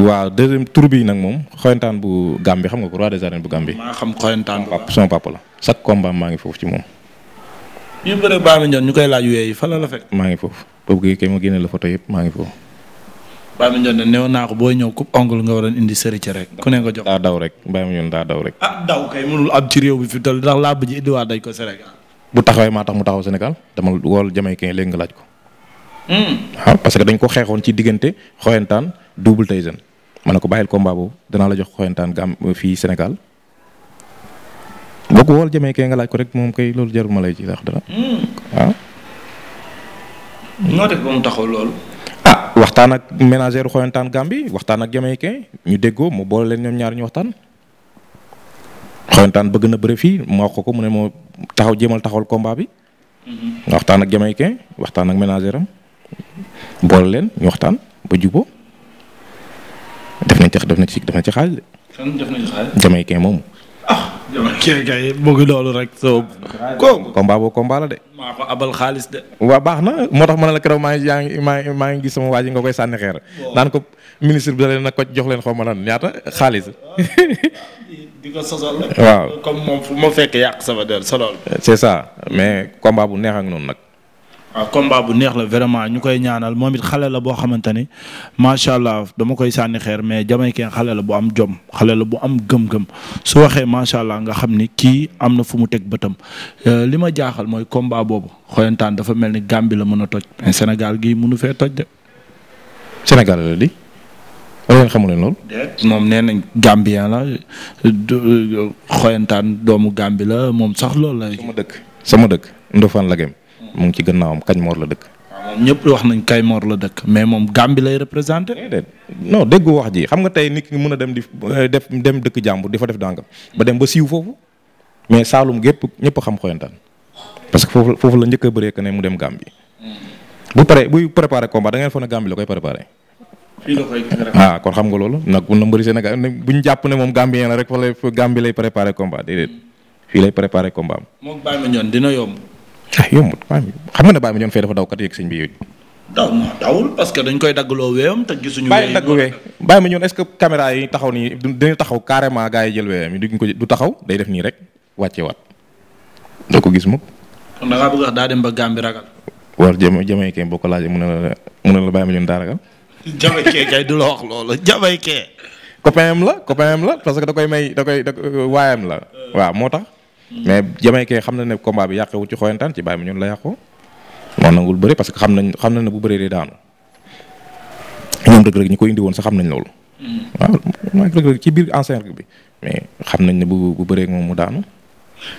waaw deuxième tour bi nag moom xoyantaan bu Gambie xam nga ko roi des arènes bu Gambie. maa xam xoyantaan bu son papa la chaque combat maa ngi foofu ci moom. bii bëre Baye Mandione ñu koy laaj weey fan la la fekk. maa ngi foofu boobu kay ma génne la photo yëpp maa ngi foofu. Baye Mandione ne woon naa ko booy ñëw coupe ongle nga waroon indi sëri ci rek. ku ne ko jox daa daw rek Baye Mandione daa daw rek. ah daw kay mënul am ci réew bi fi toll ndax làmb ji indiwaat dañ ko Sénégal. bu taxawee maa tax mu taxaw Sénégal dama wool Jamaïcain léegi nga laaj ko. waaw hmm. ah, parce que dañ ko xeexoon ci diggante xoyantaan double Tyson ma ne ko bàyyil combat danaa la jox xoyantaan euh, fii Sénégal boo ko loolu jarul ma lay hmm. ah. taxaw loolu. Ah, waxtaan ak ménagère xoyantaan gam waxtaan ak jëmee kee ñu déggoo mu boole leen ñoom waxtaan. bëgg na bëre fii ma wax ko taxaw jéemal taxawal combat bi. Hmm. waxtaan ak jamaïcain waxtaan ak ménagère am boole ñu waxtaan ba jubóo na ci def na ci def na ci xaalis de. fan def na ci xaalis. jamaïcain moomu. ah jamaïcain rek. soo ko combat boobu de. maa abal xaalis de. waaw baax na moo tax ma ne la keroog maa ngi yaa maa ngi gis sama waa ji nga koy sànni xeer. naan ko ministre bi da leen a ko jox leen xaw ma lan ñaata xaalis. waaw comme fekk yàq sama der solool. c'est ça mais combat bu neex ak noonu nag. waaw combat bu neex la vraiment ñu koy ñaanal moom it xale la boo xamante ni macha allah dama koy sànni xeer mais jamaïcain xale la bu am jom xale la bu am gëm-gëm su waxee macha allah nga xam ni kii am na fu mu teg bëtam euh, li ma jaaxal mooy combat boobu xoyantaan dafa mel ni Gambie la mën a toj mais Sénégal gii mënu fee toj de. Sénégal la di. wala xamuleen loolu. moom nee nañ Gambien la xoyantaan doomu Gambie la moom sax loolu la. sama dëkk sama dëkk Ndofane la gëm mu ngi ci gannaawam kañ moor la dëkk. waaw ñëpp wax nañ kañ moor la dëkk mais moom Gàmbi lay représenté. non déggu wax ji xam nga tey nit ki mën a dem di euh, def dem dëkk jàmbur di fa def dàngam ba dem ba siiw foofu mais Saalum gépp ñëpp xam xoyantaan parce que foofu foofu la njëkk a bëree que ne mu dem Gàmbi. Hmm. bu pare buy préparé combat da ngeen foog ne Gàmbi la koy préparé. fii la koy ah, kon xam nga loolu nag bu na mbëri Sénégal bu ñu jàpp ne moom Gambien la rek fa lay Gambie lay préparé combat hmm. fii lay préparer combat am. moom Baye dina yomb. ah xam nga ne Baye Mandione Faye dafa yooyu. parce que dañ koy daggloo weeyam te gisuñu. weey dagg wee Baye Mandione est-ce que caméra yi taxaw nii dañu taxaw carrément yi jël weeyam yi duñ ko du taxaw day def nii rek wàcce waat doo ko gis mukk. da dem ba Gàmbi ragal. war jëm jëmay kee mun na la mun na la daa ragal. jëmay kee kay du la wax loolu jëmay kee. copain la copain la parce que da koy may da koy waayam la euh. waaw moo tax. mais jamaykee xam na ne combat bi yàqewu ci xoyantaan ci bàyyi ma ñun la yàqoo moo nangul bëri parce que xam nañ xam na ne bu bëree dee daanu moom rek rek ñi ko indi woon sax xam nañ loolu waaw mooy rek ci biir enceinte bi mais xam nañ ne bu bu bëree moom mu daanu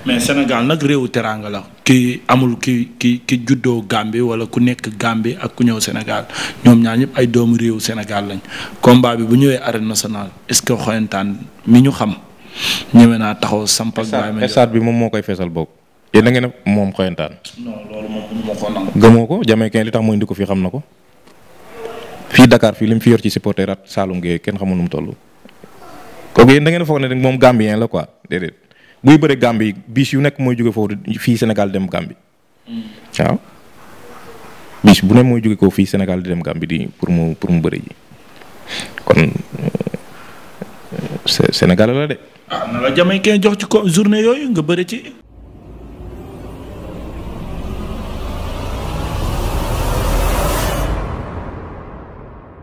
mais Sénégal nag réewu teraanga la ki amul ki ki ki juddoo Gambie wala ku nekk Gambie ak ku ñëw Sénégal ñoom ñaar ñëpp ay doomu réewu Sénégal lañ combat bi bu ñëwee arène national est-ce que xoyantaan mi ñu xam ñëwee naa taxaw samp ak. Baye Mandione bi moom moo koy feesal boog. yéen da moom xoyantaan. non ko nangu. gëmoo li tax mooy indi ko fii xam na ko fii dakaar fii lim fi yor ci supporter at Saloum Gueye kenn xamul nu mu toll. kooku yéen da ngeen a foog ne moom Gambien la quoi déedéet buy bëre Gambie bis yu nekk mooy jóge foofu fii Sénégal dem hmm. bu ne mooy fii Sénégal di dem Gambie di pour mu pour mu bëre ji kon euh, Sénégal la de. ah na la jamaïcain jox ci ko journée yooyu nga bëri ci.